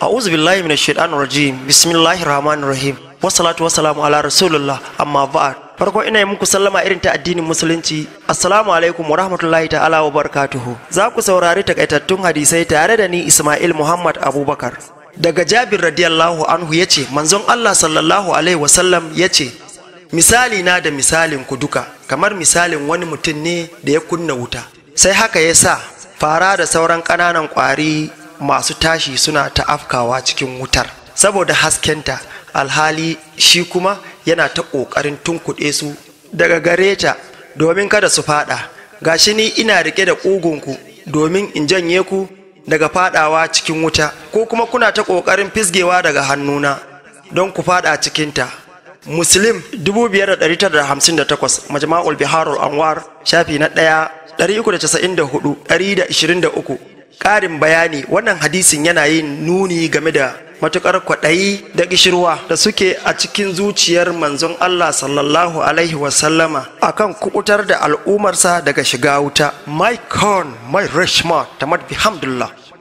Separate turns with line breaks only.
a'udhu billahi minash shaitanir rajim bismillahir rahmanir rahim wassalatu wassalamu ala rasulillah amma ba'd farko ina yi muku sallama irin ta addinin musulunci assalamu alaikum wa rahmatullahi ta'ala wa barakatuhu za ku saurari takaitattun hadisai tare da ni Ismail Muhammad Abubakar daga Jabir radiyallahu anhu yace manzon Allah sallallahu alaihi wasallam yace misali na da misalin ku duka kamar misalin wani mutum ne da ya kunna wuta sai haka ya sa fara da sauran ƙananan ƙwari masu tashi suna ta afkawa cikin wutar saboda haskenta alhali shi kuma yana ta ƙoƙarin tunkuɗe su daga gare ta domin kada su faɗa shi ni ina riƙe da ƙugunku domin in janye ku daga faɗawa cikin wuta ko kuma kuna ta ƙoƙarin fisgewa daga hannuna don ku faɗa cikinta muslim 5958 majma'ul biharul anwar shafi na ɗaya 394 ƙarin bayani wannan hadisin yana yin nuni game da matuƙar kwaɗayi da ƙishirwa da suke a cikin zuciyar manzon Allah sallallahu alaihi wasallama akan kubutar da al'ummarsa daga shiga wuta my corn my rishma tamad bihamdullah